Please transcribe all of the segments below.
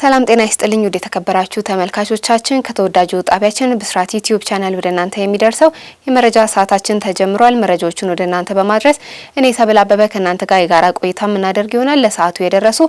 ሰላም ጤና ይስጥልኝ። ወደ የተከበራችሁ ተመልካቾቻችን ከተወዳጁ ጣቢያችን ብስራት ዩቲዩብ ቻናል ወደ እናንተ የሚደርሰው የመረጃ ሰዓታችን ተጀምሯል። መረጃዎቹን ወደ እናንተ በማድረስ እኔ ሰብል አበበ ከእናንተ ጋር የጋራ ቆይታ የምናደርግ ይሆናል። ለሰዓቱ የደረሱ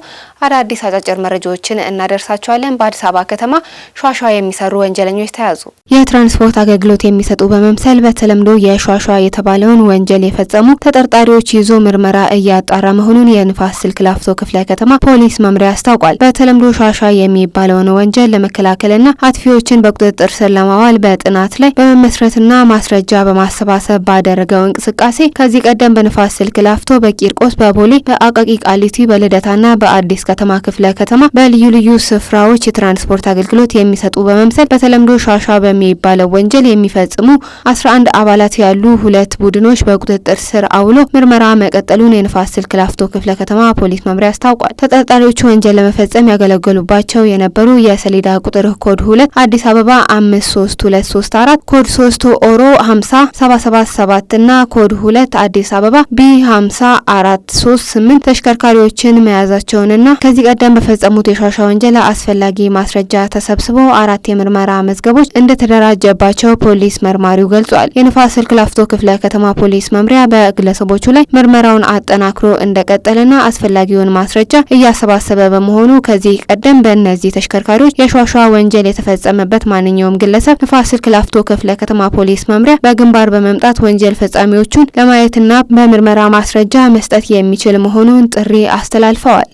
አዳዲስ አጫጭር መረጃዎችን እናደርሳቸዋለን። በአዲስ አበባ ከተማ ሿሿ የሚሰሩ ወንጀለኞች ተያዙ። የትራንስፖርት አገልግሎት የሚሰጡ በመምሰል በተለምዶ የሿሿ የተባለውን ወንጀል የፈጸሙ ተጠርጣሪዎች ይዞ ምርመራ እያጣራ መሆኑን የንፋስ ስልክ ላፍቶ ክፍለ ከተማ ፖሊስ መምሪያ አስታውቋል። በተለምዶ ማሻሻ የሚባለውን ወንጀል ለመከላከልና አጥፊዎችን በቁጥጥር ስር ለማዋል በጥናት ላይ በመመስረትና ማስረጃ በማሰባሰብ ባደረገው እንቅስቃሴ ከዚህ ቀደም በንፋስ ስልክ ላፍቶ፣ በቂርቆስ፣ በቦሌ፣ በአቃቂ ቃሊቲ፣ በልደታና በአዲስ ከተማ ክፍለ ከተማ በልዩ ልዩ ስፍራዎች የትራንስፖርት አገልግሎት የሚሰጡ በመምሰል በተለምዶ ሻሻ በሚባለው ወንጀል የሚፈጽሙ አስራ አንድ አባላት ያሉ ሁለት ቡድኖች በቁጥጥር ስር አውሎ ምርመራ መቀጠሉን የንፋስ ስልክ ላፍቶ ክፍለ ከተማ ፖሊስ መምሪያ አስታውቋል። ተጠርጣሪዎቹ ወንጀል ለመፈጸም ያገለገሉ ተደርጎባቸው የነበሩ የሰሌዳ ቁጥር ኮድ ሁለት አዲስ አበባ አምስት ሶስት ሁለት ሶስት አራት ኮድ ሶስት ኦሮ ሀምሳ ሰባ ሰባት ሰባት እና ኮድ ሁለት አዲስ አበባ ቢ ሀምሳ አራት ሶስት ስምንት ተሽከርካሪዎችን መያዛቸውንና ከዚህ ቀደም በፈጸሙት የሻሻ ወንጀል አስፈላጊ ማስረጃ ተሰብስቦ አራት የምርመራ መዝገቦች እንደተደራጀባቸው ፖሊስ መርማሪው ገልጿል። የንፋስ ስልክ ላፍቶ ክፍለ ከተማ ፖሊስ መምሪያ በግለሰቦቹ ላይ ምርመራውን አጠናክሮ እንደቀጠለና አስፈላጊውን ማስረጃ እያሰባሰበ በመሆኑ ከዚህ ቀደም ሲሆን በእነዚህ ተሽከርካሪዎች የሸዋሸዋ ወንጀል የተፈጸመበት ማንኛውም ግለሰብ ንፋስ ስልክ ላፍቶ ክፍለ ከተማ ፖሊስ መምሪያ በግንባር በመምጣት ወንጀል ፈጻሚዎቹን ለማየትና በምርመራ ማስረጃ መስጠት የሚችል መሆኑን ጥሪ አስተላልፈዋል።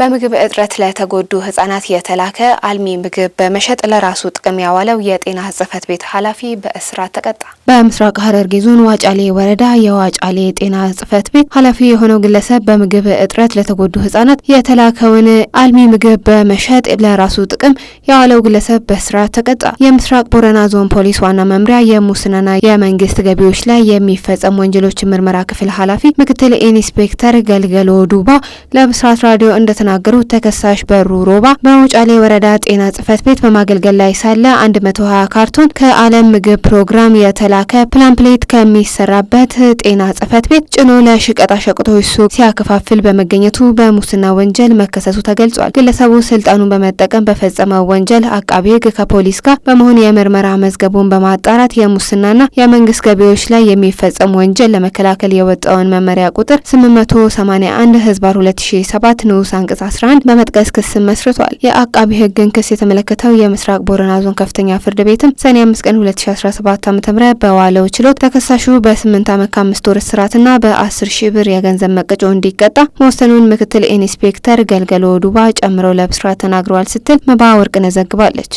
በምግብ እጥረት ለተጎዱ ህጻናት የተላከ አልሚ ምግብ በመሸጥ ለራሱ ጥቅም ያዋለው የጤና ጽህፈት ቤት ኃላፊ በእስራት ተቀጣ። በምስራቅ ሐረርጌ ዞን ዋጫሌ ወረዳ የዋጫሌ ጤና ጽፈት ቤት ኃላፊ የሆነው ግለሰብ በምግብ እጥረት ለተጎዱ ህጻናት የተላከውን አልሚ ምግብ በመሸጥ ለራሱ ጥቅም ያዋለው ግለሰብ በእስራት ተቀጣ። የምስራቅ ቦረና ዞን ፖሊስ ዋና መምሪያ የሙስናና የመንግስት ገቢዎች ላይ የሚፈጸሙ ወንጀሎች ምርመራ ክፍል ኃላፊ ምክትል ኢንስፔክተር ገልገሎ ዱባ ለብስራት ራዲዮ እንደ የተናገሩት ተከሳሽ በሩ ሮባ በውጫሌ ወረዳ ጤና ጽህፈት ቤት በማገልገል ላይ ሳለ 120 ካርቶን ከዓለም ምግብ ፕሮግራም የተላከ ፕላምፕሌት ከሚሰራበት ጤና ጽህፈት ቤት ጭኖ ለሽቀጣሸቀጦች ሱቅ ሲያከፋፍል በመገኘቱ በሙስና ወንጀል መከሰሱ ተገልጿል። ግለሰቡ ስልጣኑን በመጠቀም በፈጸመው ወንጀል አቃቤ ከፖሊስ ጋር በመሆን የምርመራ መዝገቡን በማጣራት የሙስናና የመንግስት ገቢዎች ላይ የሚፈጸም ወንጀል ለመከላከል የወጣውን መመሪያ ቁጥር 881 ህዝባር 2007 ንዑስ አንቀጽ 11 በመጥቀስ ክስ መስርቷል። የአቃቢ ህግን ክስ የተመለከተው የምስራቅ ቦረና ዞን ከፍተኛ ፍርድ ቤትም ሰኔ 5 ቀን 2017 ዓ ም በዋለው ችሎት ተከሳሹ በ8 ዓመት ከአምስት ወር እስራትና በ10 ሺህ ብር የገንዘብ መቀጮ እንዲቀጣ መወሰኑን ምክትል ኢንስፔክተር ገልገሎ ዱባ ጨምረው ለብስራት ተናግረዋል ስትል መባ ወርቅነህ ዘግባለች።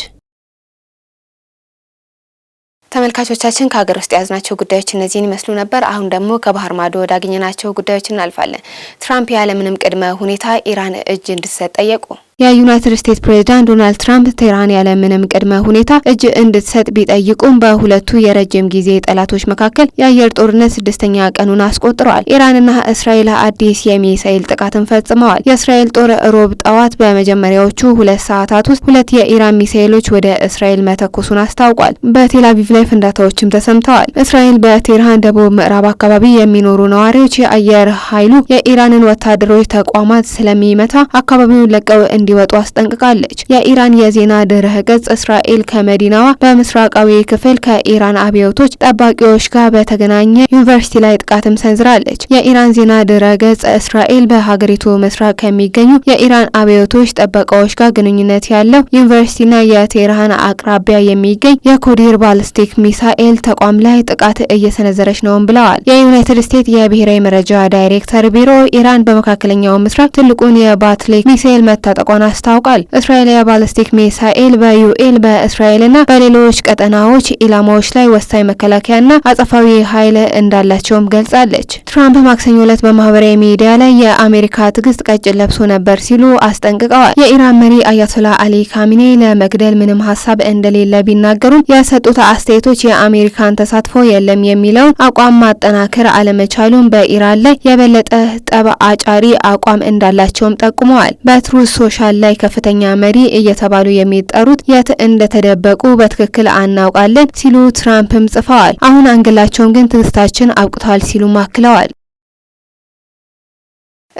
ተመልካቾቻችን ከሀገር ውስጥ የያዝናቸው ጉዳዮች እነዚህን ይመስሉ ነበር። አሁን ደግሞ ከባህር ማዶ ወዳገኘናቸው ጉዳዮች እናልፋለን። ትራምፕ ያለምንም ቅድመ ሁኔታ ኢራን እጅ እንድትሰጥ ጠየቁ። የዩናይትድ ስቴትስ ፕሬዝዳንት ዶናልድ ትራምፕ ቴህራን ያለምንም ቅድመ ሁኔታ እጅ እንድትሰጥ ቢጠይቁም በሁለቱ የረጅም ጊዜ ጠላቶች መካከል የአየር ጦርነት ስድስተኛ ቀኑን አስቆጥረዋል። ኢራንና እስራኤል አዲስ የሚሳኤል ጥቃትን ፈጽመዋል። የእስራኤል ጦር ሮብ ጠዋት በመጀመሪያዎቹ ሁለት ሰዓታት ውስጥ ሁለት የኢራን ሚሳኤሎች ወደ እስራኤል መተኮሱን አስታውቋል። በቴል ላይ ፍንዳታዎችም ተሰምተዋል። እስራኤል በቴህራን ደቡብ ምዕራብ አካባቢ የሚኖሩ ነዋሪዎች የአየር ኃይሉ የኢራንን ወታደሮች ተቋማት ስለሚመታ አካባቢውን ለቀው እንዲወጡ አስጠንቅቃለች። የኢራን የዜና ድህረ ገጽ እስራኤል ከመዲናዋ በምስራቃዊ ክፍል ከኢራን አብዮቶች ጠባቂዎች ጋር በተገናኘ ዩኒቨርሲቲ ላይ ጥቃትም ሰንዝራለች። የኢራን ዜና ድረ ገጽ እስራኤል በሀገሪቱ ምስራቅ ከሚገኙ የኢራን አብዮቶች ጠበቃዎች ጋር ግንኙነት ያለው ዩኒቨርሲቲና የቴህራን አቅራቢያ የሚገኝ የኮዲር ባልስቲክ ሚሳኤል ተቋም ላይ ጥቃት እየሰነዘረች ነውም ብለዋል። የዩናይትድ ስቴትስ የብሔራዊ መረጃ ዳይሬክተር ቢሮ ኢራን በመካከለኛው ምስራቅ ትልቁን የባትሌክ ሚሳኤል መታጠቋ መለቀቋን አስታውቃል። እስራኤል የባለስቲክ ሚሳኤል በዩኤል በእስራኤልና በሌሎች ቀጠናዎች ኢላማዎች ላይ ወሳኝ መከላከያና አጸፋዊ ኃይል እንዳላቸውም ገልጻለች። ትራምፕ ማክሰኞ ዕለት በማህበራዊ ሚዲያ ላይ የአሜሪካ ትዕግስት ቀጭን ለብሶ ነበር ሲሉ አስጠንቅቀዋል። የኢራን መሪ አያቶላ አሊ ካሚኔ ለመግደል ምንም ሀሳብ እንደሌለ ቢናገሩም የሰጡት አስተያየቶች የአሜሪካን ተሳትፎ የለም የሚለውን አቋም ማጠናከር አለመቻሉን በኢራን ላይ የበለጠ ጠብ አጫሪ አቋም እንዳላቸውም ጠቁመዋል። በትሩዝ ሶሻል አካል ላይ ከፍተኛ መሪ እየተባሉ የሚጠሩት የት እንደተደበቁ በትክክል አናውቃለን ሲሉ ትራምፕም ጽፈዋል። አሁን አንግላቸውን ግን ትዕግስታችን አብቅተዋል ሲሉም አክለዋል።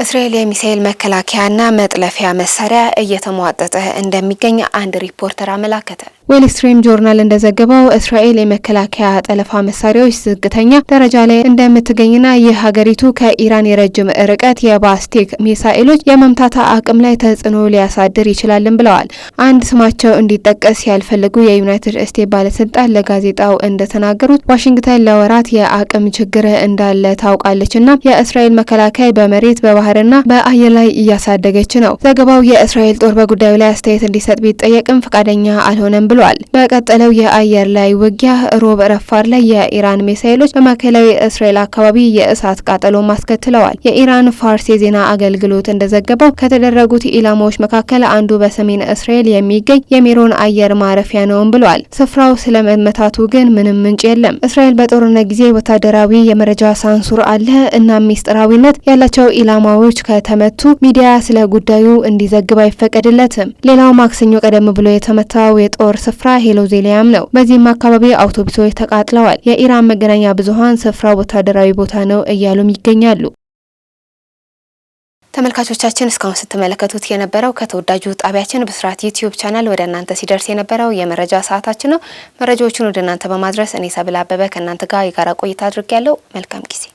እስራኤል የሚሳኤል መከላከያና መጥለፊያ መሳሪያ እየተሟጠጠ እንደሚገኝ አንድ ሪፖርተር አመላከተ። ዌል ስትሪም ጆርናል እንደዘገበው እስራኤል የመከላከያ ጠለፋ መሳሪያዎች ዝቅተኛ ደረጃ ላይ እንደምትገኝና ይህ ሀገሪቱ ከኢራን የረጅም ርቀት የባስቲክ ሚሳኤሎች የመምታታ አቅም ላይ ተጽዕኖ ሊያሳድር ይችላልን ብለዋል። አንድ ስማቸው እንዲጠቀስ ያልፈልጉ የዩናይትድ ስቴትስ ባለስልጣን ለጋዜጣው እንደተናገሩት ዋሽንግተን ለወራት የአቅም ችግር እንዳለ ታውቃለችና የእስራኤል መከላከያ በመሬት በባ ባህርና በአየር ላይ እያሳደገች ነው። ዘገባው የእስራኤል ጦር በጉዳዩ ላይ አስተያየት እንዲሰጥ ቢጠየቅም ፈቃደኛ አልሆነም ብሏል። በቀጠለው የአየር ላይ ውጊያ ሮብ ረፋር ላይ የኢራን ሚሳይሎች በማዕከላዊ እስራኤል አካባቢ የእሳት ቃጠሎ አስከትለዋል። የኢራን ፋርስ የዜና አገልግሎት እንደዘገበው ከተደረጉት ኢላማዎች መካከል አንዱ በሰሜን እስራኤል የሚገኝ የሜሮን አየር ማረፊያ ነውም ብሏል። ስፍራው ስለመመታቱ ግን ምንም ምንጭ የለም። እስራኤል በጦርነት ጊዜ ወታደራዊ የመረጃ ሳንሱር አለ እና ሚስጥራዊነት ያላቸው ኢላማ ዘገባዎች ከተመቱ ሚዲያ ስለ ጉዳዩ እንዲዘግብ አይፈቀድለትም። ሌላው ማክሰኞ ቀደም ብሎ የተመታው የጦር ስፍራ ሄሎዜሊያም ነው። በዚህም አካባቢ አውቶቡሶች ተቃጥለዋል። የኢራን መገናኛ ብዙሃን ስፍራው ወታደራዊ ቦታ ነው እያሉም ይገኛሉ። ተመልካቾቻችን እስካሁን ስትመለከቱት የነበረው ከተወዳጁ ጣቢያችን ብስራት ዩቲዩብ ቻናል ወደ እናንተ ሲደርስ የነበረው የመረጃ ሰዓታችን ነው። መረጃዎቹን ወደ እናንተ በማድረስ እኔ ሰብል አበበ ከእናንተ ጋር የጋራ ቆይታ ያለው መልካም ጊዜ